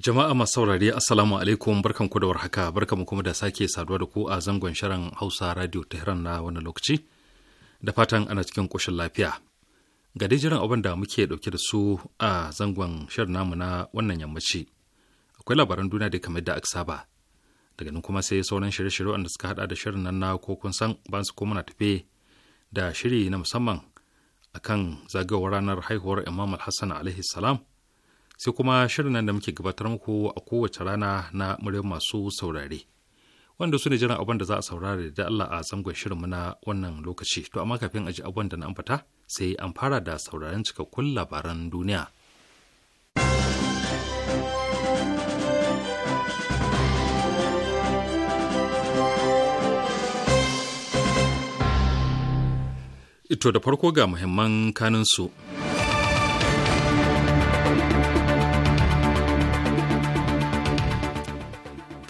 Jama'a masu saurari Assalamu alaikum barkanku da warhaka barkanku kuma da sake saduwa da ku a zangon shirin Hausa Radio Tehran na wani lokaci da fatan ana cikin koshin lafiya. Ga dai jiran abin da muke dauke da su a zangon shirin namu na wannan yammaci. Akwai labaran duniya da kamar da aka saba. Daga nan kuma sai sauran shirye-shirye wanda suka hada da shirin nan na ko kun san ba su ko na tafe da shiri na musamman akan zagawar ranar haihuwar Imam Al-Hassan alaihi salam sai kuma shirin nan da muke gabatar muku a kowace rana na muryar masu saurare wanda su ne jiran abin da za a saurare da Allah a zangon shirin na wannan lokaci to amma kafin a ji abin da na ambata sai an fara da sauraren cikakkun labaran duniya Ito da farko ga muhimman kaninsu. su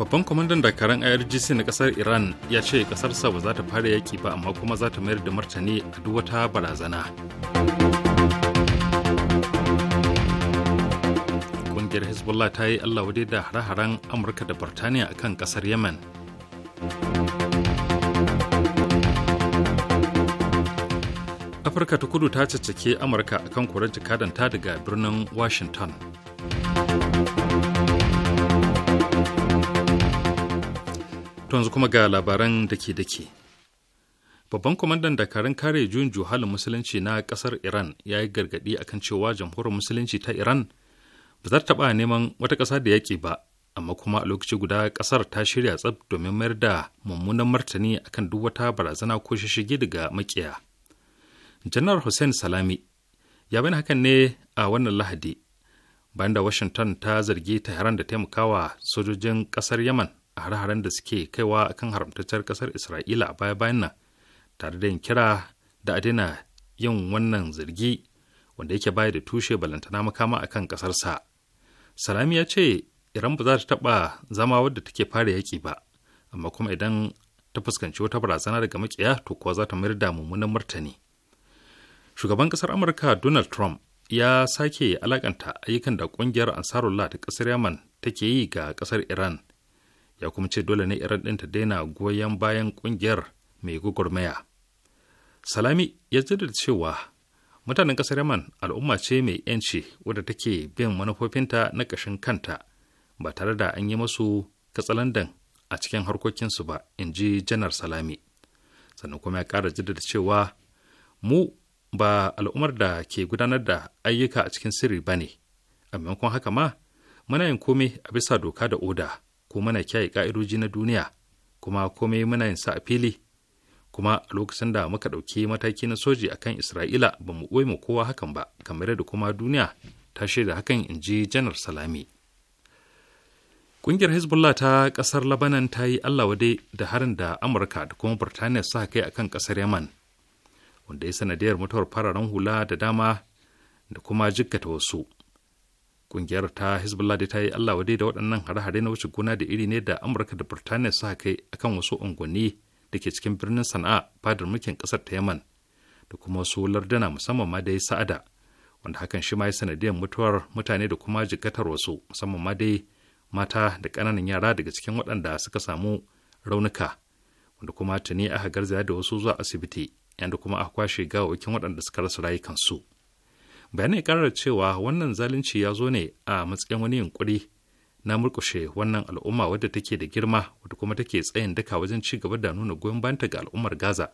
babban kwamandan dakaran irgc na kasar iran ya ce kasarsa ba za ta fara yaki ba amma kuma za ta mayar da martani a duk wata barazana ƙungiyar hezbollah ta yi allah wadai da hare-haren amurka da birtaniya a kan kasar yemen afirka ta kudu ta caccake amurka akan koren jikadanta daga birnin washington To yanzu kuma ga labaran dake-dake Babban kwamandan dakarun kare juyin juhalin musulunci na kasar Iran ya yi gargaɗi kan cewa jamhuriyar musulunci ta Iran ba za ta taɓa neman wata ƙasa da yaƙi ba, amma kuma a lokaci guda ƙasar ta shirya tsab domin mayar da mummunan martani akan duk wata barazana ko shishige daga makiya. Janar Hussein Salami ya bayyana hakan ne a wannan Lahadi bayan da Washington ta zargi Tehran da taimakawa sojojin ƙasar Yaman a hare-haren da suke kaiwa akan haramtacciyar kasar isra'ila a baya-bayan nan tare da yin kira da a daina yin wannan zargi wanda yake baya da tushe balantana makama a kan ƙasarsa salami ya ce iran ba za ta taɓa zama wadda take fara yaƙi ba amma kuma idan ta fuskanci wata barazana daga makiya to kuwa za ta mayar da mummunan martani shugaban ƙasar amurka donald trump ya sake alakanta ayyukan da ƙungiyar ansarullah ta ƙasar yaman take yi ga ƙasar iran ya kuma ce dole ne iran ɗin ta daina goyon bayan ƙungiyar mai gugurmaya salami ya da cewa mutanen ƙasar yaman al'umma ce mai yanci wadda take bin manufofinta na ƙashin kanta ba tare da an yi masu katsalandan a cikin harkokinsu ba in ji janar salami sannan kuma ya ƙara jaddada cewa mu ba al'ummar da ke gudanar da ayyuka a cikin sirri ba ne a maimakon haka ma muna yin komai a bisa doka da oda ko muna kyaye ka'idoji na duniya kuma komai muna yin sa a fili kuma a lokacin da muka ɗauki mataki na soji akan isra'ila ba mu ɓoye mu kowa hakan ba kamar da kuma duniya ta shaida hakan in ji janar salami Ƙungiyar Hezbollah ta ƙasar Labanan ta yi Allah wade da harin da Amurka da kuma birtaniya suka kai akan ƙasar Yaman, wanda ya sanadiyar mutuwar fararen hula da dama da kuma jikkata wasu. kungiyar ta hezbollah da ta yi allah wadai da waɗannan hare-hare na wuce gona da iri ne da amurka da burtaniya suka kai akan wasu unguwanni da ke cikin birnin sana'a fadar mulkin ƙasar ta yaman da kuma wasu lardana musamman ma dai sa'ada wanda hakan shi ma ya sanadiyar mutuwar mutane da kuma jikatar wasu musamman ma dai mata da ƙananan yara daga cikin waɗanda suka samu raunuka wanda kuma tuni aka garzaya da wasu zuwa asibiti yanda kuma aka kwashe gawawakin waɗanda suka rasa rayukansu. bayanai karar cewa wannan zalunci ya zo ne a matsayin wani yunkuri na murkushe wannan al'umma wadda take da girma wadda kuma take tsayin duka wajen ci gaba da nuna goyon bayanta ga al'ummar gaza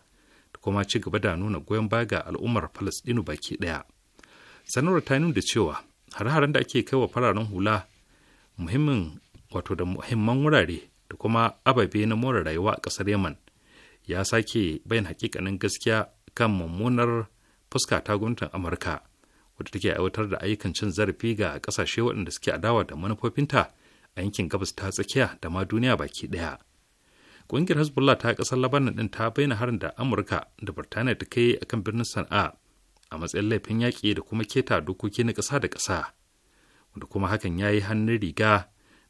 da kuma ci gaba da nuna goyon baya ga al'ummar falastinu baki daya sanarwar ta nuna cewa har-haren da ake kai wa fararen hula muhimmin wato da muhimman wurare da kuma ababe na more rayuwa a ƙasar yaman ya sake bayan hakikanin gaskiya kan mummunar fuska ta gwamnatin amurka wadda take aiwatar da ayyukan cin zarafi ga ƙasashe waɗanda suke adawa da manufofinta a yankin gabas ta tsakiya da ma duniya baki ɗaya. Ƙungiyar Hezbollah ta ƙasar Labanan ɗin ta bayyana harin da Amurka da burtaniya ta kai kan birnin Sana'a a matsayin laifin yaƙi da kuma keta dokoki na ƙasa da ƙasa, wanda kuma hakan ya yi hannun riga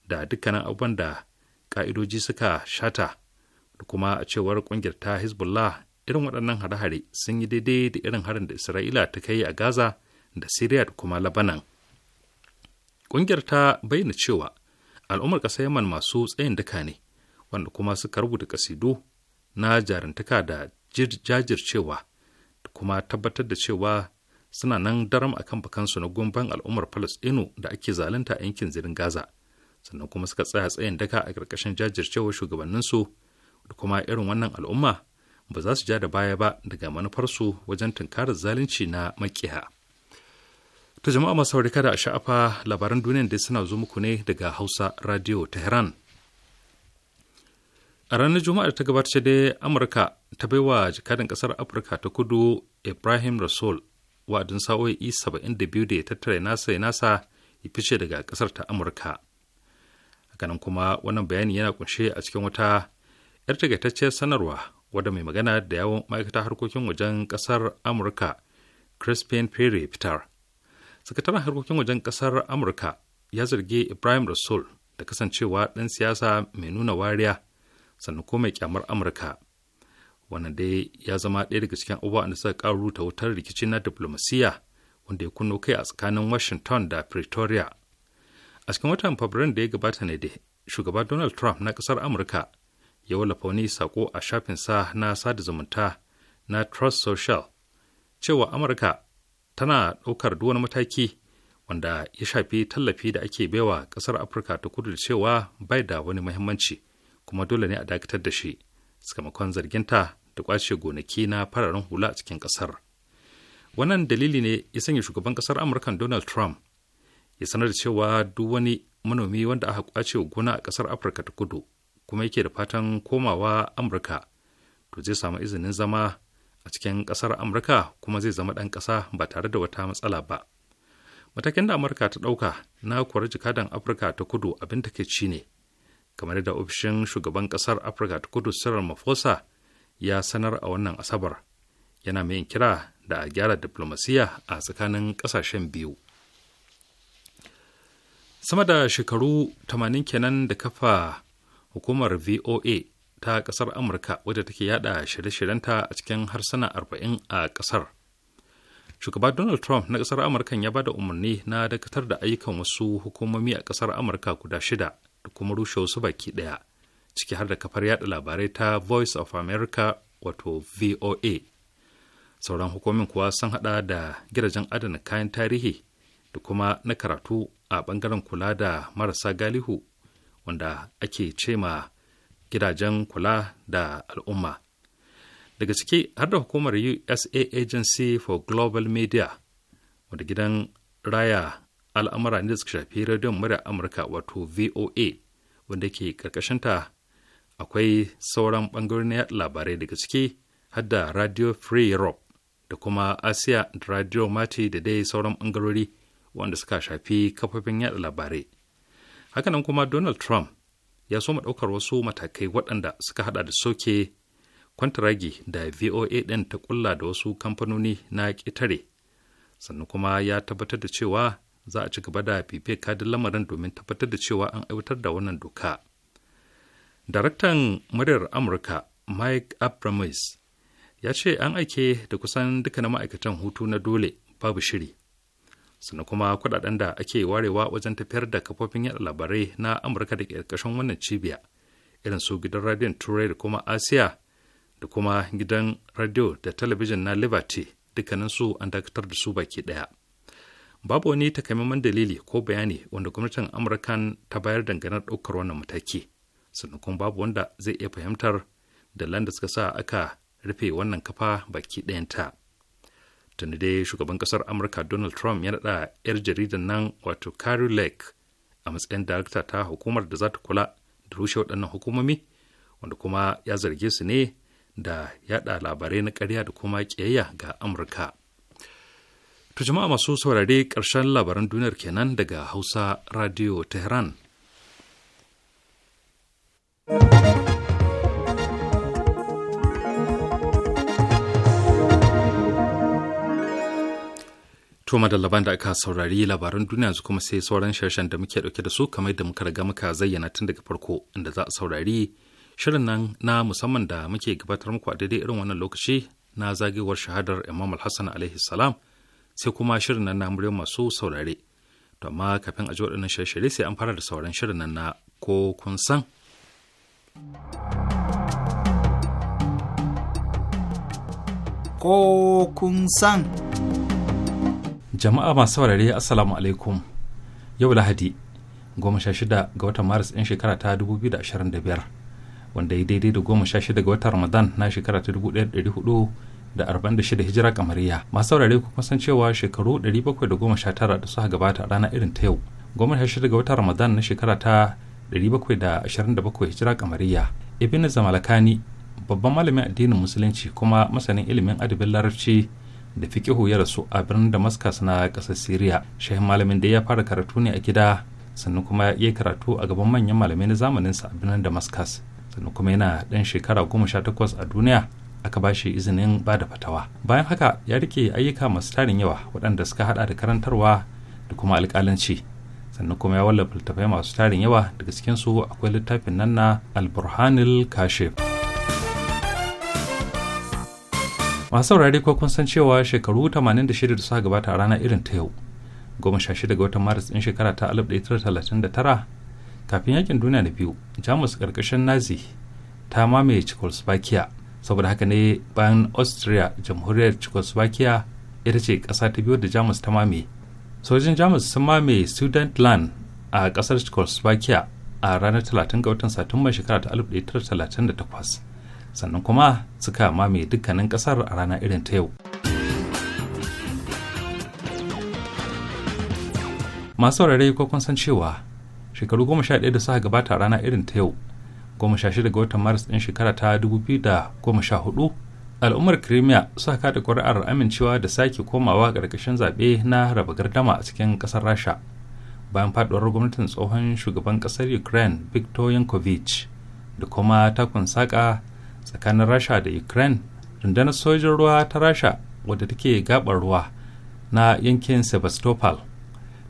da dukkanin abubuwan da ƙa'idoji suka shata, da kuma a cewar ƙungiyar ta Hezbollah irin waɗannan hare-hare sun yi daidai da irin harin da Isra'ila ta kai a Gaza da Siriya da kuma Labanan. Ƙungiyar ta bayyana cewa al'ummar ƙasar Yaman masu tsayin duka ne, wanda kuma suka rubuta kasidu na jarintaka da jajircewa da kuma tabbatar da cewa suna nan daram akan bakansu na gumban al'ummar Falasɗinu da ake zalunta a yankin zirin Gaza. sannan kuma suka tsaya tsayin daka a ƙarƙashin jajircewar shugabanninsu da kuma irin wannan al'umma ba za su ja da baya ba daga manufarsu wajen tunkarar zalunci na makiya. ta jama'a masu kada da sha'afa labaran duniyar da suna zo muku ne daga hausa radio tehran a ranar juma'a da ta gabata dai amurka ta bai wa jakadan kasar afirka ta kudu ibrahim rasul wa'adin sa'o'i 72 da ya tattara nasa ya nasa ya fice daga kasar ta amurka hakanan kuma wannan bayani yana kunshe a cikin wata yar tagaitacciyar sanarwa wadda mai magana da yawon ma'aikata harkokin wajen kasar amurka crispin perry fitar sakataren harkokin wajen kasar amurka ya zargi ibrahim rasul da kasancewa ɗan siyasa mai nuna wariya sannan ko mai kyamar amurka wannan dai ya zama ɗaya daga cikin abubuwan da suka karu ta wutar rikici na diplomasiya wanda ya kunno kai a tsakanin washington da pretoria a cikin watan fabrairu da ya gabata ne da shugaba donald trump na kasar amurka ya wallafa wani sako a shafinsa na sada zumunta na trust social cewa amurka tana ɗaukar duwani wani mataki wanda ya shafi tallafi da ake baiwa ƙasar afirka ta kudu da cewa bai da wani muhimmanci kuma dole ne a dakatar da shi sakamakon zarginta da kwace gonaki na fararen hula a cikin ƙasar wannan dalili ne ya sanya shugaban ƙasar amurka donald trump ya sanar da cewa duk wani manomi wanda aka kwace gona a ƙasar afirka ta kudu kuma yake da fatan komawa amurka to zai samu izinin zama a cikin ƙasar amurka kuma zai zama ɗan ƙasa ba tare da wata matsala ba matakin da amurka ta ɗauka na kuwar jikadan afirka ta kudu abin take ci ne kamar da ofishin shugaban ƙasar afirka ta kudu sirar mafosa ya sanar a wannan asabar yana mai kira da a gyara diplomasiya a tsakanin ƙasashen biyu sama da shekaru 80 kenan da kafa hukumar voa ta ƙasar Amurka wadda take yada shirye-shiryenta a cikin harsuna 40 a ƙasar. Shugaba Donald Trump na ƙasar Amurka ya ba da umarni na dakatar da ayyukan wasu hukumomi a ƙasar Amurka guda shida da kuma rushe wasu baki ɗaya, ciki har da kafar yada labarai ta Voice of America wato VOA. Sauran hukumomin kuwa sun hada da girajen adana kayan tarihi da kuma na karatu a bangaren kula da marasa galihu wanda ake cema gidajen kula da al'umma daga ciki har da hukumar usa agency for global media wadda gidan raya al'amura ne da suka shafi rediyon murya amurka wato voa wanda ke ta akwai sauran bangarorin yaɗa labarai daga ciki har da radio free europe da kuma asia da radio mati da dai sauran bangarori wanda suka shafi kafofin yaɗa labarai hakanan kuma donald trump ya soma ɗaukar wasu matakai waɗanda suka hada da soke kwantaragi da voa ɗin ta kulla da wasu kamfanoni na ƙetare sannan kuma ya tabbatar da cewa za a ci gaba da fife kadin lamarin domin tabbatar da cewa an aiwatar da wannan doka daraktan muryar amurka mike abramis ya ce an aike da kusan dukkanin ma'aikatan hutu na dole babu shiri sannan kuma kudaden da ake warewa wajen tafiyar da kafofin yada labarai na amurka da ƙarƙashin wannan cibiya irin su gidan radiyon turai da kuma asiya da kuma gidan radiyo da talabijin na liberty su an dakatar da su baki ɗaya babu wani takamaiman dalili ko bayani wanda gwamnatin amurkan ta bayar dangane ɗaukar wannan mataki sannan kuma babu wanda zai iya fahimtar da landa suka sa aka rufe wannan kafa baki ɗayanta. ta tuni dai shugaban kasar amurka donald trump ya naɗa 'yar jaridar nan wato carrie lake a matsayin darakta ta hukumar da za ta kula da rushe waɗannan hukumomi wanda kuma ya zarge su ne da yada labarai na ƙarya da kuma ƙiyayya ga amurka to jama'a masu saurare ƙarshen labaran duniyar kenan daga hausa radio tehran To madallaban da aka saurari labaran duniya yanzu kuma sai sauran sharshen da muke dauke da su kamar da muka riga muka zayyana tun daga farko inda za a saurari shirin nan na musamman da muke gabatar muku a daidai irin wannan lokaci na zagewar shahadar Imam Al-Hassan alaihi salam sai kuma shirin nan na muryar masu saurare. To amma kafin a ji waɗannan shirye sai an fara da sauran shirin nan na ko kun san. Ko kun san. jama'a masu saurare assalamu alaikum yau lahadi goma sha shida ga watan maris ɗin shekara ta dubu biyu da da ashirin biyar. wanda ya daidai da goma sha shida ga watan ramadan na shekara ta dubu ɗaya da da hudu arba'in shida hijira kamariya masu saurare kuma san cewa shekaru ɗari bakwai da suka gabata a rana irin ta yau goma sha shida ga watan ramadan na shekara ta ɗari bakwai da da ashirin bakwai hijira kamariya ibn zamalakani babban malamin addinin musulunci kuma masanin ilimin adabin larabci da fiqihu ya rasu a birnin damascus na ƙasar syria shehin malamin da ya fara karatu ne a gida sannan kuma ya karatu a gaban manyan malamai na zamaninsa a birnin damascus sannan kuma yana ɗan shekara goma sha takwas a duniya aka ba shi izinin ba da fatawa bayan haka ya rike ayyuka masu tarin yawa waɗanda suka hada da karantarwa da kuma alƙalanci sannan kuma ya wallafa littattafai masu tarin yawa daga cikinsu akwai littafin nan na alburhanil kashif masu saurare ko kun san cewa shekaru 86 da suka gabata a rana irin ta yau goma sha shida ga watan maris ɗin shekara ta 1939 kafin yakin duniya na biyu jamus ƙarƙashin nazi ta mamaye czechoslovakia saboda haka ne bayan austria jamhuriyar czechoslovakia ita ce ƙasa ta biyu da jamus ta mamaye sojin jamus sun mamaye sudetenland a ƙasar czechoslovakia a ranar 30 ga watan satumba shekara ta 1938 sannan kuma suka mame dukkanin kasar a rana irin ta yau masu rarrai ko kun san cewa shekaru goma sha ɗaya da suka gabata a rana irin ta yau goma sha shida ga watan maris ɗin shekara ta dubu biyu da goma sha hudu al'ummar crimea suka kada ƙuri'ar amincewa da sake komawa ƙarƙashin zaɓe na raba gardama a cikin ƙasar rasha bayan faɗuwar gwamnatin tsohon shugaban ƙasar ukraine viktor yankovic da kuma takun saƙa tsakanin rasha da ukraine rundunar sojin ruwa ta rasha wadda take gabar ruwa na yankin sebastopol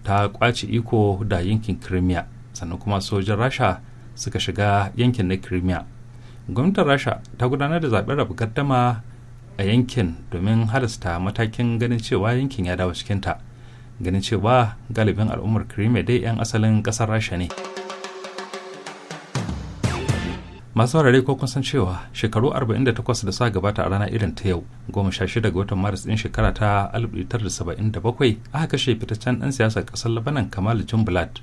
ta kwace iko da yankin crimea sannan kuma sojin rasha suka shiga yankin na crimea gwamnatin rasha ta gudanar da zaɓen rabu gardama a yankin domin halasta matakin ganin cewa yankin ya dawo cikinta ganin cewa galibin al'ummar crimea dai 'yan asalin ƙasar rasha ne. masu warare ko kun san cewa shekaru 48 da suka gabata a rana irin ta yau 16 ga watan maris din shekara ta 1977 aka kashe fitaccen dan siyasar kasar labanan kamal jumblat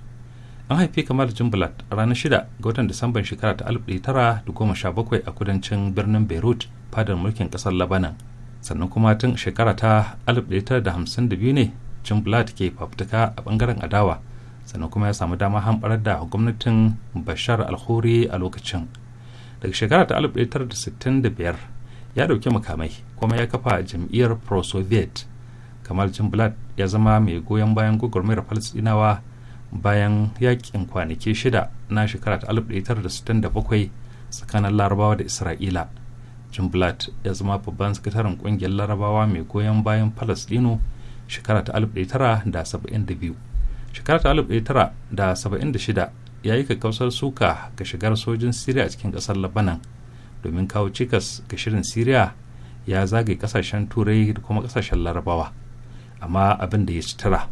an haifi kamal jumblat a ranar 6 ga watan disamban shekara ta 1917 a kudancin birnin beirut fadar mulkin kasar labanan sannan kuma tun shekara ta 1952 ne jumblat ke fafutuka a bangaren adawa sannan kuma ya samu dama hamɓarar da gwamnatin bashar alkhuri a lokacin daga shekara ta 1965 ya dauki makamai kuma ya kafa jam'iyyar pro-soviet kamar jim blatt ya zama mai goyon bayan gwagwarmayar palestinawa bayan yakin kwanaki shida na shekara ta 1967 tsakanin larabawa da isra'ila blatt ya zama babban sakataren kungiyar larabawa mai goyon bayan palestino shekara ta 1972 shekara ta 1976 ya yi kakkausar suka ga shigar sojin siriya cikin kasar labanan domin kawo cikas ga shirin siriya ya zagaye kasashen turai da kuma kasashen larabawa amma abin da ya ci tara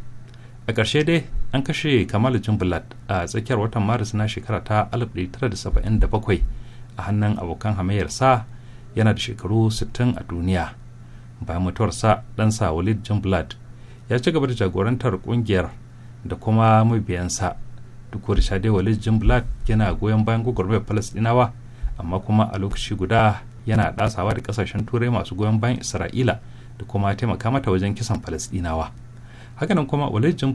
a ƙarshe dai an kashe kamal jumbulat a tsakiyar watan maris na shekara ta 1977 a hannun abokan hamayyarsa yana da shekaru 60 a duniya bayan mutuwarsa ɗansa walid jumbulat ya ci gaba da jagorantar ƙungiyar da kuma mabiyansa duk wani shade walid jim black yana goyon bayan gwagwarmayar palestinawa amma kuma a lokaci guda yana dasawa da kasashen turai masu goyon bayan isra'ila da kuma taimaka mata wajen kisan palestinawa hakanan kuma walid jim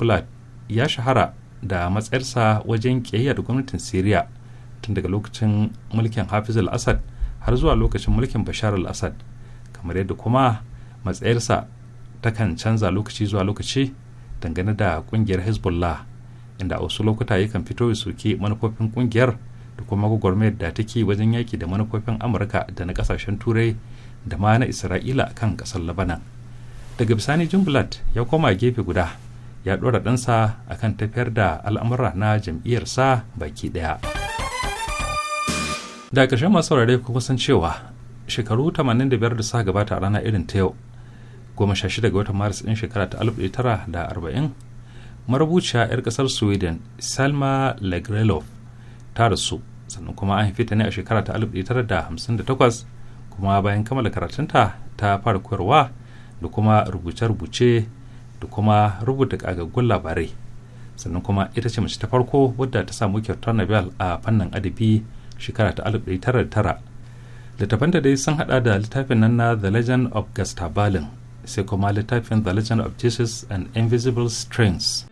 ya shahara da matsayarsa wajen kiyayya da gwamnatin syria tun daga lokacin mulkin hafiz al-assad har zuwa lokacin mulkin bashar al-assad kamar yadda kuma matsayarsa ta kan canza lokaci zuwa lokaci dangane da kungiyar hezbollah inda a wasu lokuta yakan fito ya suke manufofin kungiyar da kuma gwagwarmayar da take wajen yaki da manufofin amurka da na kasashen turai da ma na isra'ila kan kasar labanan daga bisani jumblat ya koma gefe guda ya ɗora ɗansa akan tafiyar da al'amura na jam'iyyarsa baki ɗaya da ƙarshen masu saurare kuma kusan cewa shekaru 85 da sa gabata a rana irin ta yau 16 ga watan maris din shekara ta 1940 marubuciya 'yar kasar sweden salma lagrelov ta rasu sannan kuma an haife ta ne a shekara ta 1958 kuma bayan kammala karatunta ta fara koyarwa da kuma rubuce-rubuce da kuma rubuta kagaggun labarai sannan kuma ita ce mace ta farko wadda ta samu kyautar nobel a fannin adabi shekara ta 1999 littafan da dai sun hada da littafin nan na the legend of gustav sai kuma littafin the legend of jesus and invisible strings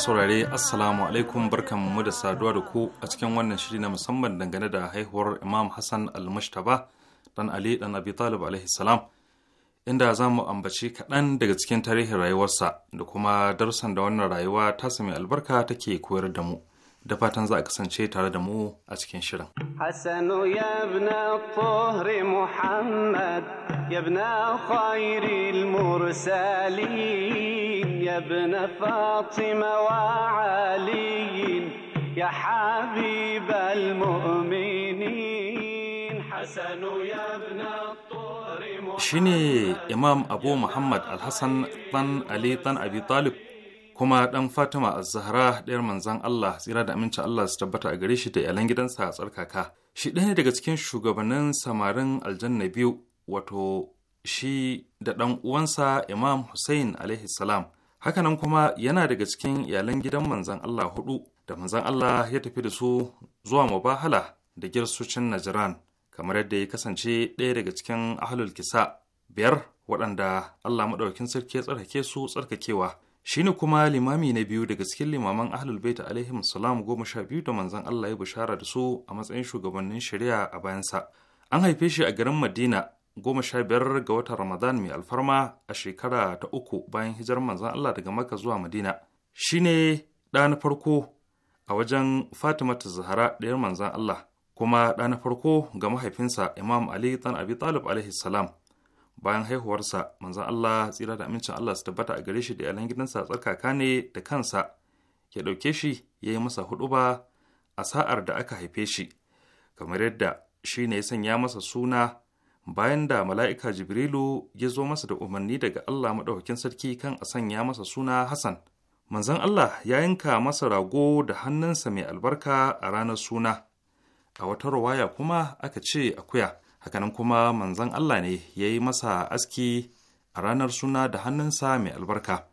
saurare assalamu alaikum barkan mu da saduwa da ku a cikin wannan shiri na musamman dangane da haihuwar imam hassan almushtaba dan ali dan abi talib alaihi salam inda za mu ambaci kaɗan daga cikin tarihin rayuwarsa da kuma darusan da wannan rayuwa ta mai albarka take koyar da mu da fatan za a kasance tare da mu a cikin shirin. Hassanu ya Muhammad ya bna khairil mursalin ابن فاطمة وعلي يا حبيب المؤمنين حسن يا ابن الطور شني إمام أبو محمد الحسن طن علي طن أبي طالب kuma ɗan Fatima a Zahra ɗayar manzan Allah tsira da aminci Allah su tabbata a gare shi da iyalan gidansa a tsarkaka. Shi ɗaya ne daga cikin shugabannin samarin aljanna biyu wato shi da ɗan uwansa Imam Hussein alaihi salam hakanan kuma yana daga cikin iyalan gidan manzan Allah hudu da manzan Allah ya tafi da su zuwa mubahala da girsucin Najran kamar yadda ya kasance ɗaya daga cikin ahlul kisa biyar waɗanda Allah maɗaukin sarki ya tsarkake su tsarkakewa shine kuma limami na biyu daga cikin limaman ahlul bait alaihim salam goma sha biyu da manzan Allah ya bishara da su a matsayin shugabannin shari'a a bayansa an haife shi a garin Madina goma sha biyar ga watan Ramadan mai alfarma a shekara ta uku bayan hijirar manzon Allah daga maka zuwa Madina. Shi ne ɗa na farko a wajen Fatima ta Zahara ɗayar manzon Allah, kuma ɗa na farko ga mahaifinsa Imam Ali ɗan Abi Talib alaihi salam. Bayan haihuwarsa, manzon Allah tsira da amincin Allah su tabbata a gare shi da iyalan gidansa tsarkaka ne da kansa. Ya ɗauke shi ya yi masa ba a sa'ar da aka haife shi, kamar yadda shi ne ya sanya masa suna bayan da mala'ika jibrilu ya zo masa da umarni daga allah maɗaukakin sarki kan a sanya masa suna hassan manzon allah ya yanka masa rago da hannunsa mai albarka a ranar suna a wata rawaya kuma aka ce akuya hakanan kuma manzon allah ne ya yi masa aski a ranar suna da hannunsa mai albarka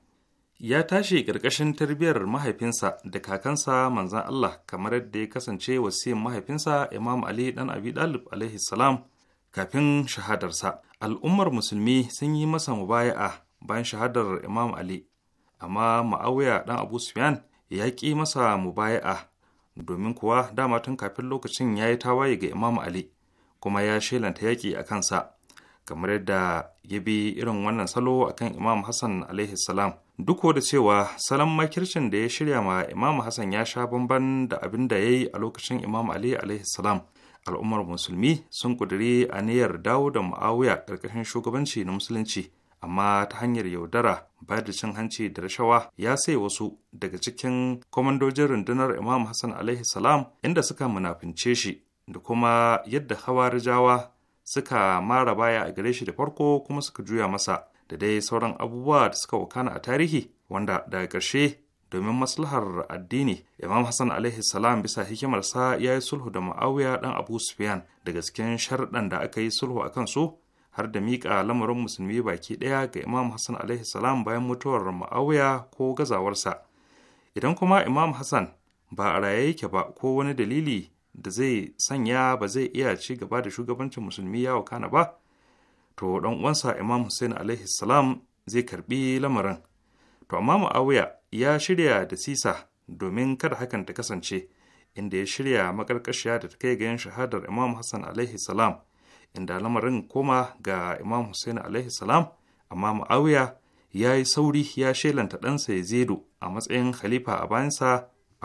ya tashi ƙarƙashin tarbiyyar mahaifinsa da kakansa manzan Allah kamar yadda ya kasance wasiyin mahaifinsa Imam Ali ɗan Abi Dalib alaihi salam kafin shahadarsa al'ummar musulmi sun yi masa mubaya'a bayan shahadar imam ali amma ma'auya ɗan abu sufyan ya ƙi masa mubaya'a domin kuwa dama tun kafin lokacin ya yi tawaye ga imam ali kuma ya shelanta yaƙi a kansa kamar yadda ya bi irin wannan salo akan Imam Hassan alaihi salam. Duk da cewa salon makircin da ya shirya ma Imam Hassan ya sha bamban da abin da ya yi a lokacin Imam Ali alaihi salam. Al'ummar musulmi sun ƙudiri aniyar dawo da Muawiya ƙarƙashin shugabanci na musulunci. amma ta hanyar yaudara bayar da cin hanci da rashawa ya sai wasu daga cikin kwamandojin rundunar imam hassan alaihi salam inda suka munafince shi da kuma yadda hawa rijawa suka mara baya a gare shi da farko kuma suka juya masa da dai sauran abubuwa da suka wakana a tarihi wanda Da ƙarshe domin maslahar addini imam hassan alaihi salam bisa hikimarsa ya yi sulhu da ma'auya dan abu sufyan daga cikin sharɗan da aka yi sulhu a kansu har da miƙa lamarin musulmi baki ɗaya ga imam hassan alaihi salam bayan mutuwar ma'auya ko gazawarsa idan kuma imam hassan ba a raye yake ba ko wani dalili da zai sanya ba zai iya ci gaba da shugabancin musulmi ya kana ba to dan uwansa imam hussein alaihi salam zai karbi lamarin to amma muawiya ya shirya da sisa domin kada hakan ta kasance inda ya shirya makarkashiya da ta kai ga yin shahadar imam hassan alaihi salam inda lamarin koma ga imam hussein alaihi salam amma muawiya ya yi sauri ya shelanta ɗansa ya zedo a matsayin khalifa a bayansa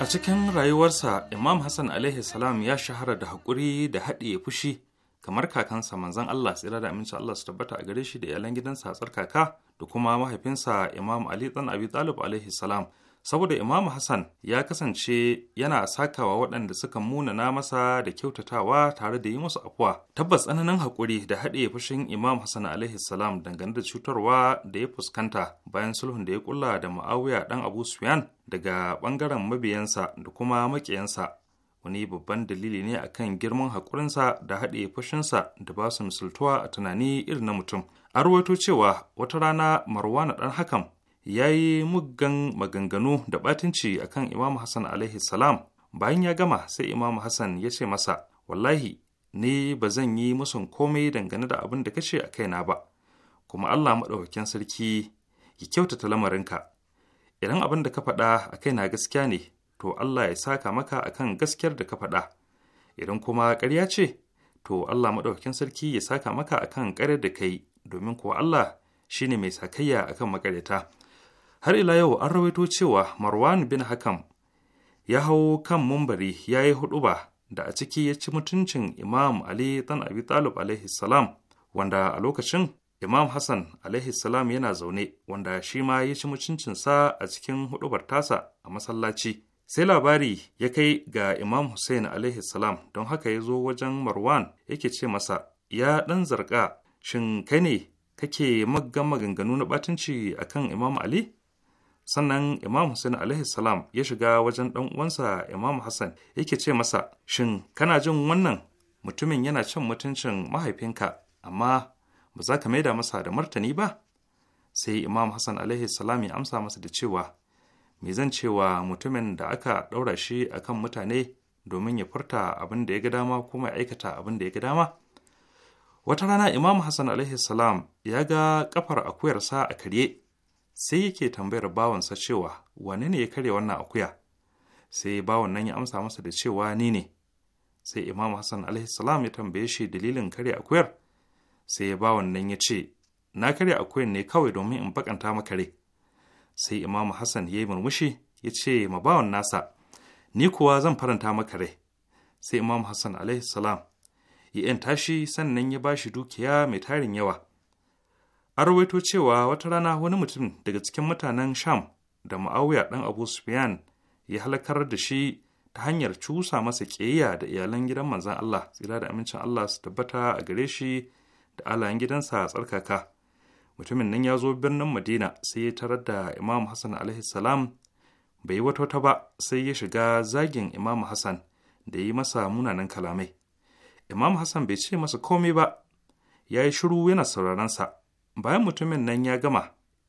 A cikin rayuwarsa, Imam Hassan alaihi salam ya shahara da haƙuri da haɗe fushi kamar kakansa manzon Allah tsira da aminci Allah su tabbata a gare shi da iyalan gidansa a tsarkaka da kuma mahaifinsa Imam Ali dan Abi Talib alaihi salam saboda Imamu Hassan ya kasance yana sakawa waɗanda suka munana masa da kyautatawa tare da yi musu afuwa. Tabbas tsananin haƙuri da haɗe fushin Imam Hassan alaihi salam dangane da cutarwa da ya fuskanta bayan sulhun da ya kulla da ma'awuya ɗan Abu suyan daga ɓangaren mabiyansa da kuma maƙiyansa. Wani babban dalili ne akan girman haƙurinsa da haɗe fushinsa da ba su misaltuwa a tunani irin na mutum. A ruwaito cewa wata rana Marwana ɗan hakan. ya yi muggan maganganu da batunci akan Imam Hassan alaihi salam bayan ya gama sai Imam Hassan ya ce masa wallahi ni ba zan yi musun komai dangane da abin da kace a kaina ba kuma Allah maɗaukakin sarki ki kyautata lamarinka idan abin da ka faɗa a na gaskiya ne to Allah ya saka maka akan gaskiyar da ka faɗa idan kuma ƙarya ce to Allah maɗaukakin sarki ya saka maka akan ƙarar da kai domin kuwa Allah shine mai sakayya akan maƙaryata har ila yau an rawaito cewa marwan bin hakam ya hau kan mumbari ya yi huɗuba da a ciki ya ci mutuncin imam ali dan abi talib alaihi salam wanda a lokacin imam hassan alaihi salam yana zaune wanda shi ma ya ci mutuncinsa a cikin huɗubar tasa a masallaci sai labari ya kai ga imam hussein alaihi salam don haka ya zo wajen marwan yake ce masa ya ɗan zarka shin kai ne kake maga maganganu na batunci akan imam ali sannan imam hussein alaihi salam ya shiga wajen ɗan uwansa imam hassan yake ce masa shin kana jin wannan mutumin yana cin mutuncin mahaifinka amma ba za ka maida masa da martani ba sai imam hassan alaihi salam ya amsa masa da cewa me zan cewa mutumin da aka ɗaura shi akan mutane domin ya furta abin da ya ga dama kuma ya aikata abin da ya ga dama wata rana imam hassan alaihi salam ya ga kafar akuyarsa a karye sai yake tambayar bawansa cewa wane ne ya karya wannan akuya sai bawan nan ya amsa masa da cewa ni ne sai imam hassan alaihissalam ya tambaye shi dalilin karya akuyar sai bawan nan ya ce na karya akuyar ne kawai domin in bakanta maka rai sai imam hassan ya yi murmushi ya ce ma bawan nasa ni kuwa zan faranta maka rai sai imam hassan alaihissalam ya 'yan tashi sannan ya ba shi dukiya mai tarin yawa An rawaito cewa wata rana wani mutum daga cikin mutanen Sham da ma'auya ɗan Abu Sufyan ya halakar da shi ta hanyar cusa masa ƙeya da iyalan gidan manzan Allah tsira da amincin Allah su tabbata a gare shi da alayen gidansa a tsarkaka. Mutumin nan ya zo birnin Madina sai ya tarar da Imam Hassan alaihi salam bai yi wata wata ba sai ya shiga zagin Imam Hassan da ya yi masa munanan kalamai. Imam Hassan bai ce masa komai ba, ya yi shiru yana sauraron sa bayan mutumin nan ya gama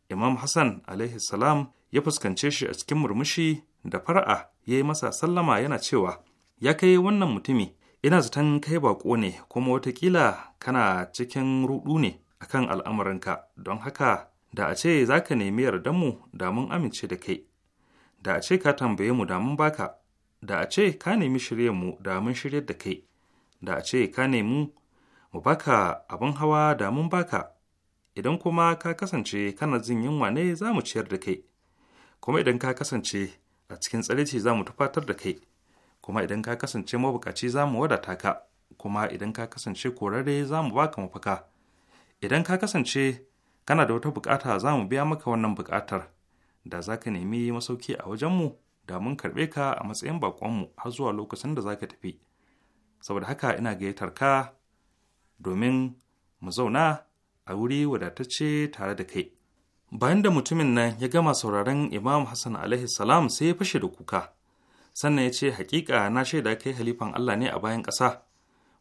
imam hassan alaihi salam ya fuskance shi a cikin murmushi da fara'a ya yi masa sallama yana cewa ya kai wannan mutumi ina zaton kai baƙo ne kuma watakila kana cikin ruɗu ne akan al'amuranka don haka da a ce za ka nemi yardanmu da mun amince da kai da a ce ka tambaye mu da mun baka da a ce ka nemi mu da mun shiryar da kai da a ce ka nemi mu baka abin hawa da mun baka idan kuma ka kasance kana jin yunwa ne za mu ciyar da kai kuma idan ka kasance a cikin tsalici za mu tufatar da kai kuma idan ka kasance mabukaci za mu wadata ka kuma idan ka kasance korare za mu baka mafaka idan ka kasance kana da wata bukata za mu biya maka wannan bukatar da za ka nemi masauki a wajenmu da mun karɓe ka a matsayin baƙonmu har zuwa lokacin da za ka tafi saboda haka ina gayyatar ka domin mu zauna a wuri wadatacce tare da kai bayan da mutumin nan ya gama sauraron imam hassan alaihi salam sai ya fashe da kuka sannan ya ce hakika na shaida kai halifan allah ne a bayan ƙasa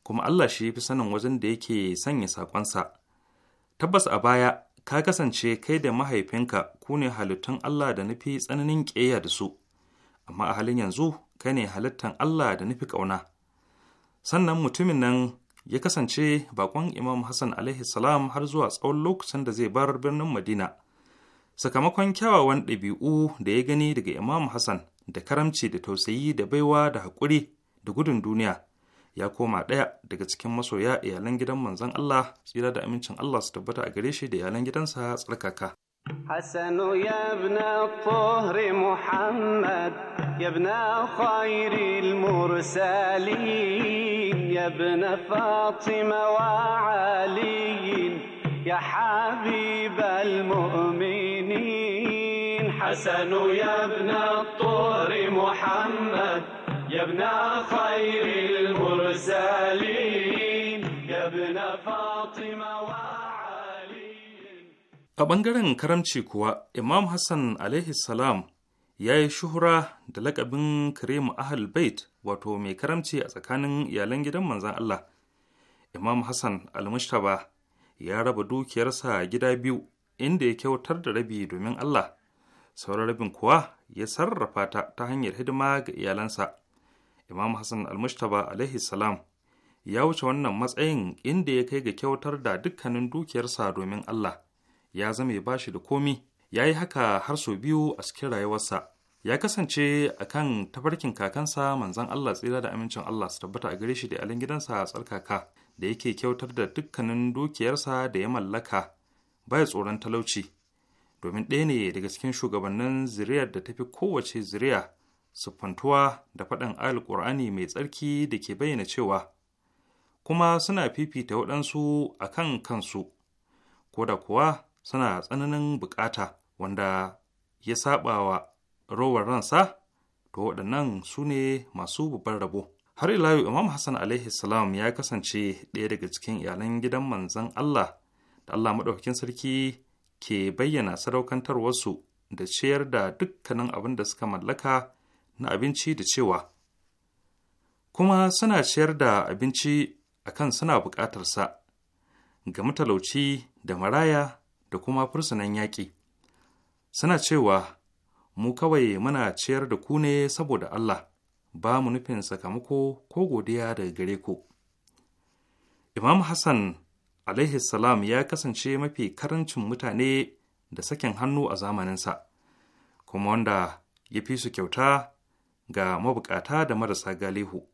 kuma allah shi fi sanin wajen da yake sanya saƙonsa tabbas a baya ka kasance kai da mahaifinka ku ne halittun allah da nufi tsananin ƙeya da su amma a halin yanzu kai ne halittan allah da nufi ƙauna sannan mutumin nan ya kasance bakon imam hassan alaihi salam har zuwa tsawon lokacin da zai bar birnin madina sakamakon kyawawan ɗabi'u da ya gani daga imam hassan da karamci da tausayi da baiwa da haƙuri da gudun duniya ya koma ɗaya daga cikin masoya iyalan gidan manzon Allah tsira da amincin Allah su tabbata a gare shi da iyalan gidansa tsarkaka. حسن يا ابن الطهر محمد يا ابن خير المرسلين ابن فاطمة وعلي يا حبيب المؤمنين حسن يا ابن الطور محمد يا ابن خير المرسلين يا ابن فاطمة وعلي a ɓangaren karamci kuwa imam hassan alaihi salam ya yi shuhura da lakabin karim Ahlul bait wato mai karamci a tsakanin iyalan gidan manzan Allah Imam Hassan al ya raba dukiyarsa gida biyu inda ya kyautar da rabi domin Allah sauran rabin kuwa ya sarrafa ta ta hanyar hidima ga iyalansa Imam Hassan al alaihi salam ya wuce wannan matsayin inda ya kai ga kyautar da dukkanin dukiyarsa domin Allah ya zama ya bashi da komi ya yi haka har sau biyu a cikin rayuwarsa ya kasance a kan tafarkin kakansa manzan Allah tsira da amincin Allah su tabbata a gare shi da alin gidansa a tsarkaka da yake kyautar da dukkanin dukiyarsa da ya mallaka baya tsoron talauci domin ɗaya ne daga cikin shugabannin ziriyar da tafi kowace ziriya siffantuwa da faɗin alƙur'ani mai tsarki da ke bayyana cewa kuma suna fifita waɗansu a kan kansu ko da kuwa suna tsananin bukata wanda ya saɓawa rowar ransa to waɗannan su ne masu babban rabo har ila yau imam hassan alaihi salam ya kasance ɗaya daga cikin iyalan gidan manzon allah da allah maɗaukakin sarki ke bayyana sadaukantarwarsu da ciyar da dukkanin abin da suka mallaka na abinci da cewa kuma suna ciyar da abinci akan suna buƙatarsa ga matalauci da maraya da kuma fursunan yaƙi suna cewa mu kawai muna ciyar da ku ne saboda Allah, ba mu nufin sakamako ko godiya daga gare ku. Imam Hassan alaihi salam ya kasance mafi karancin mutane da sakin hannu a zamaninsa, kuma wanda ya fi su kyauta ga mabukata da marasa galihu,